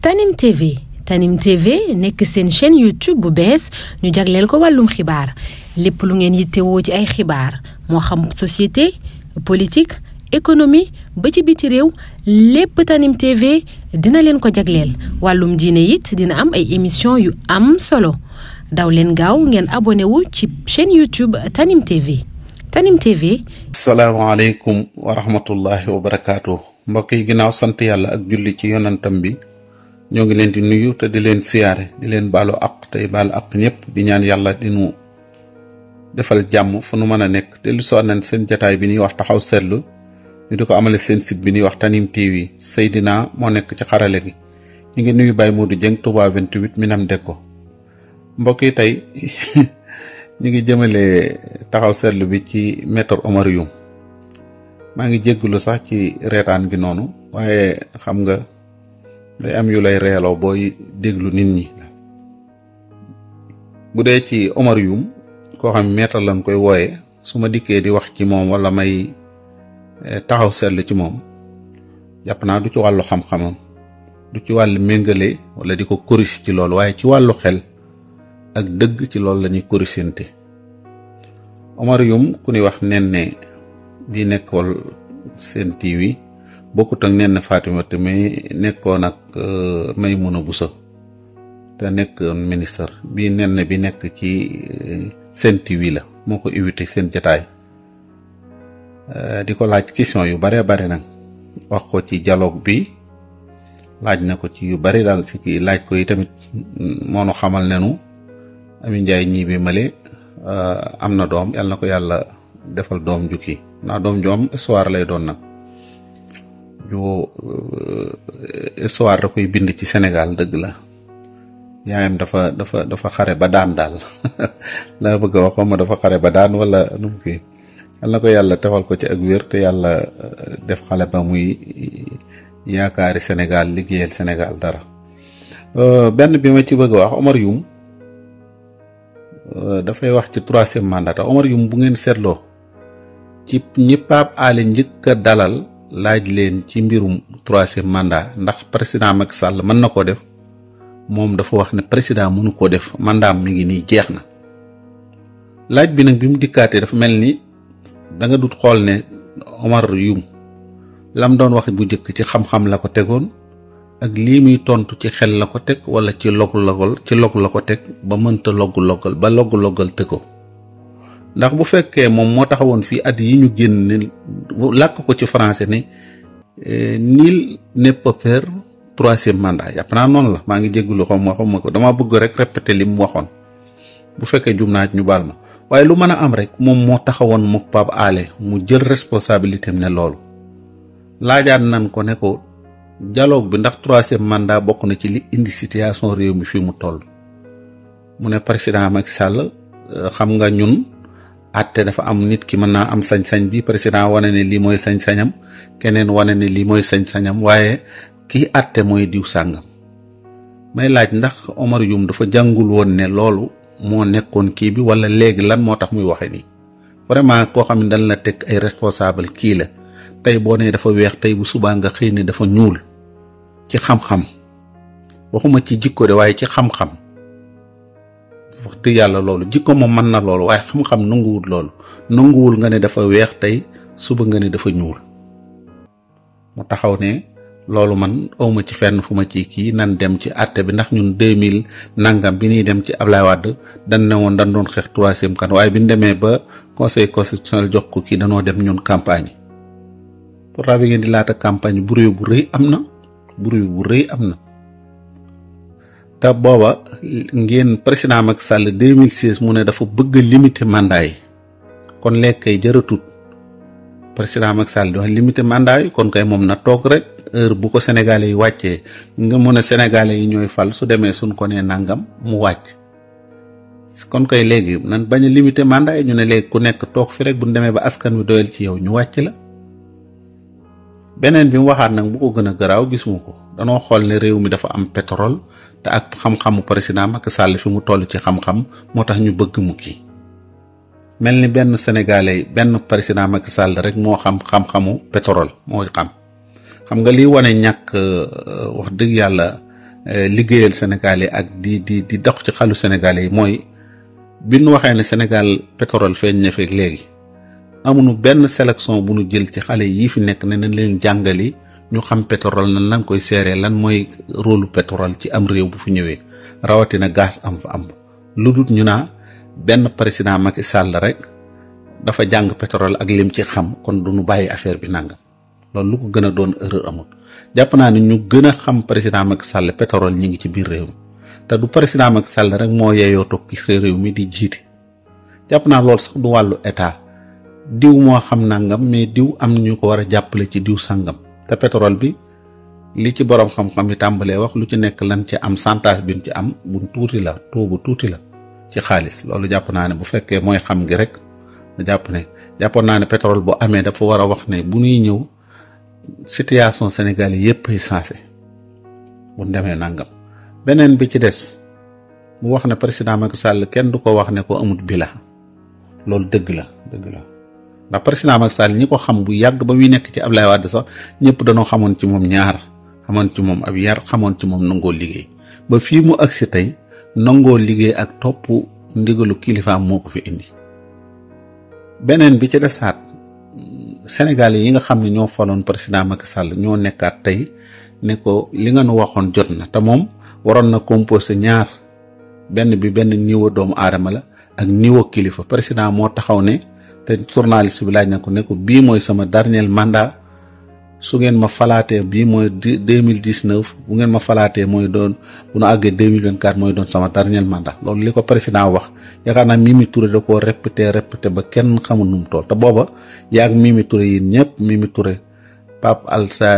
Tanim TV Tanim TV nekk seen chaîne YouTube bu bees ñu jagleel ko wàllum xibaar lépp lu ngeen yittewoo ci ay xibaar moo xam société politique économie ba ci biti réew lépp Tanim TV dina leen ko jagleel wàllum diine it dina am ay émission yu am solo daw leen gaaw ngeen abonné wu ci chaîne YouTube Tanim TV Tanim TV. salaamaaleykum wa rahmatullahi wa barakaatu mbokk yi ginnaaw sant yàlla ak julli ci yonantam bi. ñoo ngi leen di nuyu te di leen siyaare di leen baalu àq tey baalu àq ñëpp di ñaan yàlla di defal jàmm fu nu mën a nekk te lu soon nañ seen jataay bi ñuy wax taxaw seetlu ñu di ko amale seen site bi ñuy wax Tanime TV Seydina moo nekk ci xarale gi ñu ngi nuyu Baye Modou Dieng Touba 28 Minam Deko mbokk yi tey ñu ngi jëmale taxaw seetlu bi ci maître Oumar Youm maa ngi jégglu sax ci reetaan gi noonu waaye xam nga day am yu lay reeloo booy déglu nit ñi bu dee ci Omar Youm koo xam meetal lañ koy wooye su ma dikkee di wax ci moom wala may eh, taxaw seetlu ci moom jàpp naa du ci wàllu xam-xamam du ci wàllu méngale wala di ko koris ci loolu waaye ci wàllu xel ak dëgg ci loolu lañuy ñuy korisante Omar Youm ku ñuy wax nen ne nekkool seen TV bokkut ak nenn Fatimata may nekkoon ak euh, a Buso te nekkoon ministre bi nenn bi nekk ci euh, Sen TV la moo ko invité seen jataay euh, di ko laaj question yu bare bare nag wax ko ci dialogue bi laaj na ko ci yu bari daal ci kii laaj ko yi tamit moonu mm, nu xamal ne Ami Njaay ñii bi male am na doom yàlla na ko yàlla defal doom jukki ndax naa doom ju am histoire lay doon nag ñu euh, histoire da koy bind ci Sénégal dëgg la yaayam dafa dafa dafa xare ba daan daal laa bëgg a wax ma dafa xare ba daan wala nu mu yal na ko yàlla tefal ko ci ak wér te yàlla euh, def xale ba muy euh, yaakaari Sénégal liggéeyal Sénégal dara benn bi ma ci bëgg a wax Omar Youm dafay wax ci troisième mandat Omar Youm bu ngeen seetloo ci ñi Pape Alé njëkk dalal laaj leen ci mbirum troisième mandat ndax président Macky Sall mën na koo def moom dafa wax ne président mënu koo def mandaam mi ngi nii jeex na laaj bi nag bi mu dikkaatee dafa mel ni da nga dut xool ne Omar yum lam doon wax bu njëkk ci xam-xam la ko tegoon ak lii muy tontu ci xel la ko teg wala ci log logal ci log la ko teg ba mënta logg logal ba logg logal te ko ndax bu fekkee moom moo taxawoon fii at yi ñu génn làkk ko ci français ni eh, nul ne peut faire troisième mandat yàpp naa noonu la maa ngi jéggulu xaw ma xaw ma ko dama bëgg rek répéter li mu waxoon bu fekkee jum naa ñu baal ma waaye lu mën a am rek moom moo taxawoon mu Pape Alé mu jël responsabilité am ne loolu laajaat nan ko ne ko dialogue bi ndax troisième mandat bokk na ci li indi situation réew mi fii mu toll mu ne président Macky Sall eh, xam nga ñun atte dafa am nit ki mën naa am sañ-sañ bi président wane ne lii mooy sañ-sañam keneen wane ne lii mooy sañ-sañam waaye kii atte mooy diw sàngam may laaj ndax Omar Youm dafa jàngul woon ne loolu moo nekkoon kii bi wala léegi lan moo tax muy waxe nii vraiment koo xam ne dañ la teg ay responsable kii la tey boo nee dafa weex tey bu subaa nga xëy ne dafa ñuul ci xam-xam waxuma ci jikko de waaye ci xam-xam wax dëgg yàlla loolu jikko moom mën na loolu waaye xam-xam nanguwul loolu nanguwul nga ne dafa weex tey suba nga ne dafa ñuul mu taxaw ne loolu man awma ci fenn fu ma ci kii nan dem ci àtte bi ndax ñun deux mille nangam bi ñuy dem ci Ablaye Wade dan ne woon dan doon xeex troisième kan waaye bi ñu demee ba conseil constitutionnel jox ko kii danoo dem ñun campagne pourtant bi ngeen di laata campagne bruit bu rëy am na bruit bu rëy am na booba ngeen président Macky Sall 2016 mu ne dafa bëgg a limiter kon lekk kay jëratut président Macky Sall di wax limiter kon kay moom na toog rek heure bu ko sénégalais yi wàccee nga mu a sénégalais yi ñooy fal su demee suñ ko nee nangam mu wàcc. kon koy léegi nan bañ a limiter mandat yi ñu ne léegi ku nekk toog fi rek bu ñu demee ba askan wi doyal ci yow ñu wàcc la beneen bi mu waxaat nag bu ko gën a garaaw gisuma ko danoo xool ne réew mi dafa am pétrole te ak xam-xamu président Macky Sall fi mu toll ci xam-xam moo tax ñu bëgg mu mel ni benn sénégalais benn président Macky Sall rek moo xam xam-xamu pétrole moo xam xam nga liy wane ñàkk euh, wax dëgg yàlla euh, liggéeyal sénégalais ak di di di dox ci xalu sénégalais yi mooy bi nu waxee ne Sénégal pétrole feeñ na feeg léegi amuñu benn sélection bu nu jël ci xale yii fi nekk ne nañ leen jàngali. ñu xam pétrole nan lañ koy seeree lan mooy rôlu pétrole ci am réew bu fi ñëwee rawatina gaz am fa am lu dut ñu naa benn président Macky Sall rek dafa jàng pétrole ak lim ci xam kon du ñu bàyyi affaire bi nangam loolu lu ko gën a doon erreur amul jàpp naa ni ñu gën a xam président Macky Sall pétrole ñi ngi ci biir réew mi te du président Macky Sall rek moo yeyoo toog ci réew mi di jiite jàpp naa lool sax du wàllu état diw moo xam nangam mais diw am ko war a jàppale ci diw sangam. te pétrole bi li ci borom xam-xam yi tàmbalee wax lu ci nekk lan ci am santage bi ci am bu tuuti la taux bu tuuti la ci xaalis loolu jàpp naa ne bu fekkee mooy xam gi rek jàpp ne jàppoon naa ne pétrole bu amee dafa war a wax ne bu ñuy ñëw situation Sénégal yëpp ay sensé bu demee nangam beneen bi ci des mu wax ne président Macky Sall kenn du ko wax ne ko amut bilan loolu dëgg la dëgg la. ndax président Macky Sall ñi ko xam bu yàgg ba muy nekk ci Ablaye Wade sax ñëpp dañoo xamoon ci moom ñaar xamoon ci moom ab yar xamoon ci moom nangoo liggéey ba fii mu agsi tey nangoo liggéey ak topp ndigalu kilifaam moo ko fi indi beneen bi ci desaat Sénégalais yi nga xam ne ñoo faloon président Macky Sall ñoo nekkaat tey ne ko li nga nu waxoon jot na te moom waroon na composé ñaar benn bi benn niwa doomu aadama la ak niwa kilifa président moo taxaw ne te journaliste bi laaj na ko nekku bii mooy sama dernier mandat su ngeen ma falaatee bii mooy deux mille dix neuf bu ngeen ma falaatee mooy doon bu nu àggee deux mille vingt mooy doon sama dernier mandat loolu li ko président wax yaakaar naa Mimi Touré da koo répété répété ba kenn xamul nu mu te booba yaa ak Mimi Touré yi ñëpp Mimi Touré Pape Alsa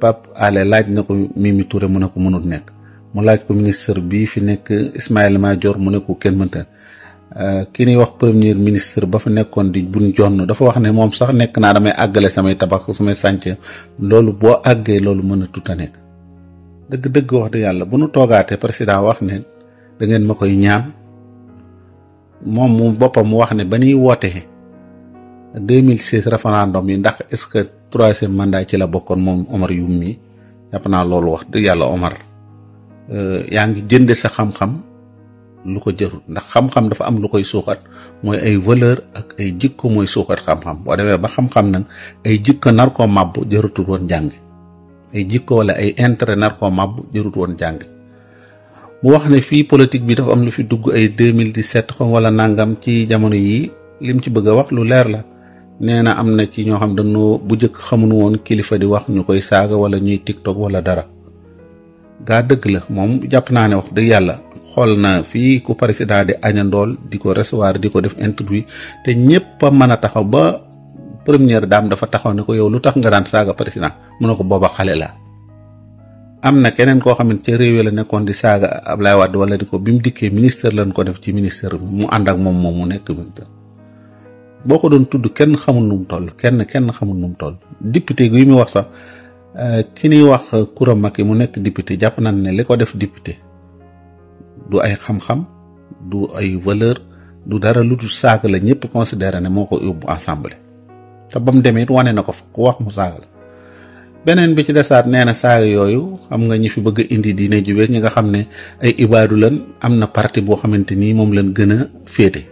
Pape Ale laaj na ko mi ture mu ne ko mënul nekk mu laaj ko ministre bii fi nekk Ismaïla Madior mu ne ko kenn mënta Euh, ki ñuy wax premier ministre ba fa nekkoon di buñ jonn dafa wax ne moom sax nekk naa damay àggale samay tabax samay sànc loolu boo àggee loolu mën a tuta nekk dëgg-dëgg wax dëgg yàlla bu nu toogaatee président wax ne da ngeen ma koy ñaan moom mu boppam mu wax ne ba ñuy wootee 2016 référendum yi ndax est-ce que troisième mandat ci la bokkoon moom Omar Youm mi jàpp naa loolu wax dëgg yàlla Omar euh, yaa ngi jënde sa xam-xam lu ko jërul ndax xam-xam dafa am lu koy suuxat mooy ay valeur ak ay jikko mooy suuxat xam-xam boo demee ba xam-xam nag ay jikko nar koo màbbu jërutul woon jàng ay jikko wala ay intérêt nar koo màbbu jërut woon wax ne fii politique bi dafa am lu fi dugg ay 2017 xaw wala nangam ci jamono yi lim ci bëgg a wax lu leer la nee na am na ci ñoo xam dañoo bu njëkk xamuñu woon kilifa di wax ñu koy saaga wala ñuy tiktok wala dara gaa dëgg la moom jàpp naa ne wax dëgg yàlla xool naa fii ku président di añandool di ko recevoir di ko def interview te ñëpp a mën a taxaw ba première daam dafa taxaw ne ko yow lu tax nga daan saaga président mu ne ko booba xale la am na keneen koo xamante ca réew la nekkoon di saaga Ablaye Wade wala di ko bi mu dikkee ministre lañ ko def ci ministère bi mu ànd ak mu nekk ministre boo ko doon tudd kenn xamul nu toll kenn kenn xamul nu mu toll député gi muy wax sax euh, ki nuy wax ma Macky mu nekk député jàpp nañ ne li ko def député du ay xam-xam du ay valeur du dara lu dul saaga la ñëpp considéré ne moo ko yóbbu assemblée te ba mu demee it wane na ko fa ku wax mu saaga la beneen bi ci desaat nee na saaga yooyu xam nga ñi fi bëgg a indi diine ju bees ñi nga xam ne ay ibaadu lan am na parti boo xamante nii moom leen gën a féete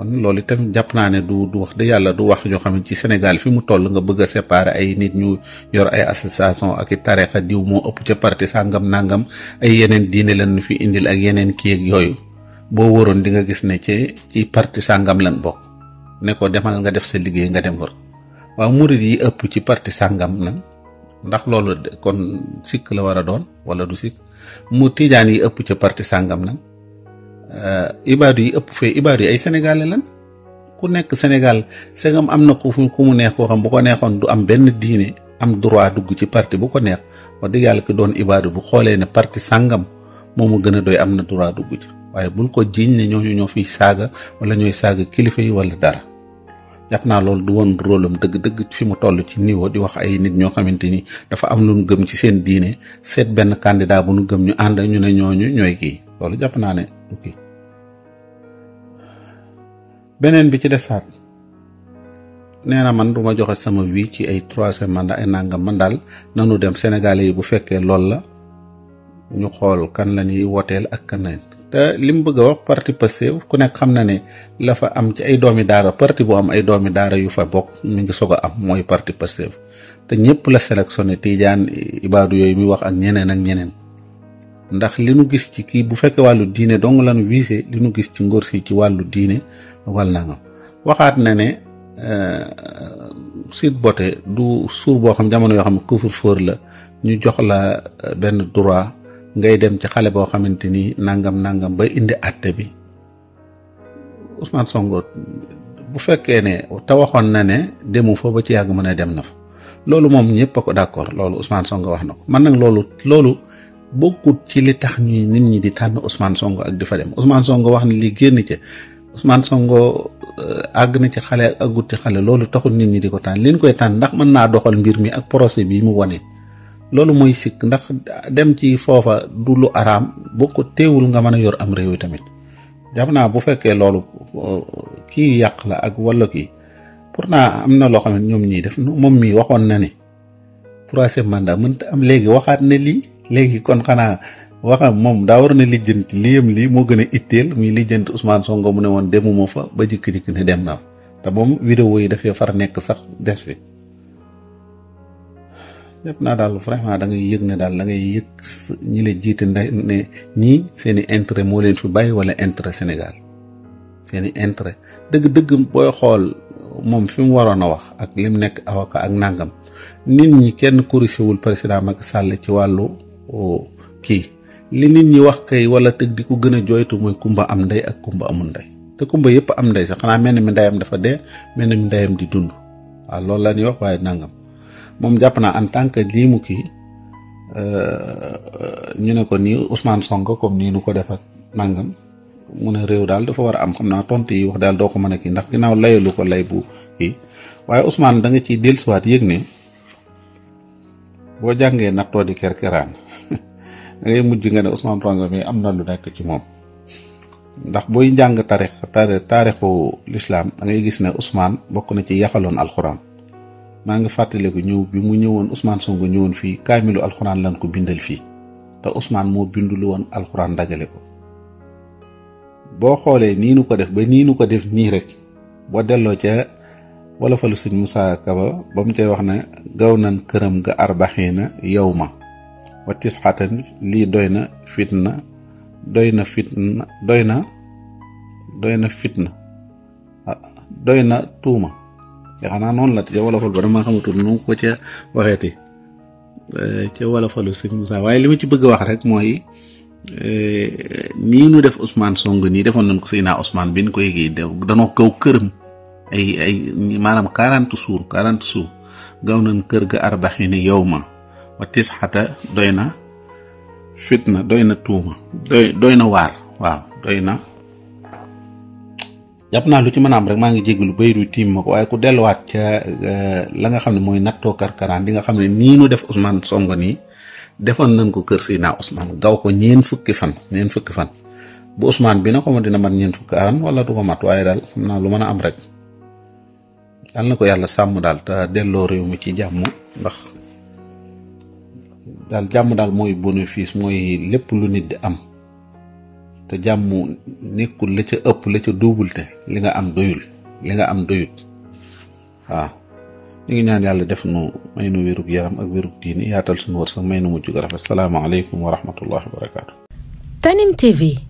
kon loolu itam jàpp naa ne du du wax de yàlla du wax yoo xam ne ci Sénégal fi mu toll nga bëgg a ay nit ñu yor ay association ak i tarixa diw moo ëpp ca parti sàngam nangam ay yeneen diine lan fi indil ak yeneen kii yooyu boo wóoroon di nga gis ne ci ci parti sàngam lan bokk ne ko demal nga def sa liggéey nga dem war waaw murid yi ëpp ci parti sàngam nag ndax loolu kon sikk la war a doon wala du sikk mu tijaan yi ëpp ca parti sàngam nag Euh, ibaadu yi ëpp fee ibaadu yi ay sénégalais lan ku nekk Sénégal segam am na ku ku mu neex koo xam bu ko neexoon du am benn diine am droit dugg ci parti bu ko neex wa dëgg yàlla ki doon ibaadu bu xoolee ne parti sàngam moomu gën a doy am na droit dugg ci waaye bul ko jiiñ ne ñooñu ñoo fiy saaga wala ñooy saaga kilifa yi wala dara jàpp naa loolu du woon rôle am dëgg-dëgg fi mu toll ci niveau di wax ay nit ñoo xamante ni dafa am lu ñu gëm ci seen diine seet benn candidat bu ñu gëm ñu ànd ñu ne ñooñu ñooy kii loolu naa ne beneen bi ci desaat nee na man duma joxe sama wii ci ay troisième mandat ay nangam man daal nanu dem Sénégalais yi bu fekkee lool la ñu xool kan lañuy ñuy woteel ak kan te li mu bëgg a wax parti Pastef ku nekk xam na ne la fa am ci ay doomi daara parti bu am ay doomi daara yu fa bokk mi ngi soog a am mooy parti Pastef te ñëpp la selection sélectionné Tidiane baadu yooyu muy wax ak ñeneen ak ñeneen ndax li nu gis ci kii bu fekkee wàllu diine dong lañu wiise li nu gis ci ngóor si ci wàllu diine wal na waxaat na ne euh, site bote du suur boo xam jamono yoo xam ne couvre-feu la ñu jox la euh, benn droit ngay dem ci xale boo xamante ni nangam nangam ba indi àtte bi Ousmane Sonko bu fekkee ne te waxoon na ne demu fa ba ci yàgg mën a dem na fa loolu moom ñëpp ko d'accord loolu Ousmane Sonko wax na ko man nag loolu loolu. bokkut ci li tax ñuy nit ñi di tànn Ousmane Sonko ak di fa dem usman Sonko wax ni li génn ci Ousmane Sonko euh, àgg na ci xale ak àggut xale loolu taxul nit ñi di ko tànn leen koy tànn ndax mën naa doxal mbir mi ak procès bi mu wane. loolu mooy sikk ndax dem ci foofa dulu araam boo ko teewul nga mën a yor am réew tamit jàpp naa bu fekkee loolu euh, kii yàq la ak walla kii na am na loo xam ne ñoom ñii def moom mii waxoon na ne troisième mandat mënta am léegi waxaat na lii. léegi kon xanaa waxam moom daa war na lijjanti liyam lii moo gën a itteel muy lijjanti Ousmane Sonko mu ne woon demuma fa ba jikk jëkk ne dem na te moom vidéo yi dafay far nekk sax des fi lépp naa daal vraiment dangay ngay yëg ne daal da ngay yëg ñi la jiite ne ñii seen i intérêt moo leen fi bàyyi wala intérêt Sénégal seen i intérêt dëgg-dëgg booy xool moom fi mu waroon a wax ak lim nekk avocat ak nangam nit ñi kenn corrigé wul président Macky sàll ci wàllu Oh, kii li nit ñi wax kay wala tëg di ko gën a jooytu mooy kumba am ndey ak kumba amul ndey te kumba yëpp am ndey sax xanaa mel ni mi ndeyam dafa dee mel ni mi ndeyam di dund waaw loolu la ñuy wax waaye nangam moom jàpp naa en tant que lii mu kii euh, ñu ne ko nii Ousmane sonk comme nii nu ko def nangam mu a réew daal dafa war a am xam naa tontu yi wax daal doo ko mën a kii ndax ginnaaw layalu ko lay bu kii waaye Ousmane da nga ciy dellusiwaat yëg ne. boo jàngee nattoo di kerkeraan da mujj nga ne Ousmane Sonko mi am na lu nekk ci moom ndax booy jàng taarix taarixu lislaam da ngay gis ne Ousmane bokk na ci yaxaloon alxuraan maa ngi fàttaliku ñëw bi mu ñëwoon Ousmane Sonko ñëwoon fii kaamilu alxuraan lan ko bindal fii te Ousmane moo bindul woon alxuraan dajale ko boo xoolee nii nu ko def ba nii nu ko def nii rek boo delloo ca. wala falu sëñ Moussa Kaba ba mu cay wax na gaw nan këram ga arbaxiina yow ma wa lii doy na fitna doy na fitna doy na doy na fitna ah, doy na tuuma te noonu la ca wolofal ba dama xamatul nu ko ca waxeeti eh, ca wolofalu sëñ Moussa waaye li ma ci bëgg wax rek mooy eh, nii nu def Ousmane song nii defoon nañ ko Seydina Ousmane bi ñu ko yëgee danoo kaw këram ay ay maanaam quarante suur quarante suur gaw nañ kër ga arbaxini yow ma wa tisxata doy na fitna doy na tuuma doy na waar waaw doy na jàpp naa lu ci mën a am rek maa ngi jégalu bayru tiim ma ko waaye ku delluwaat ca euh, la nga xam ne mooy nattoo karkaraan di nga xam ne nii nu def Ousmane Sonko nii defoon nañ ko kër Seydina Ousmane gaw ko ñeen fukki fan ñeen fukki fan bu Ousmane bi na ko ma dina mat ñeen fukki fan wala du ko mat waaye daal xam naa lu mën a am rek yal na ko yàlla sàmm daal te delloo réew mi ci jàmm ndax daal jàmm daal mooy bénéfice mooy lépp lu nit di am te jàmm nekkul la ca ëpp la ca duubulte li nga am doyul li nga am doyut waaw ñu ngi ñaan yàlla def nu may nu wérug yaram ak wérug diini yaatal suñu wërsëg may nu mujj gu rafet salaamaaleykum wa rahmatullahi wa barakaatu. Tanim TV.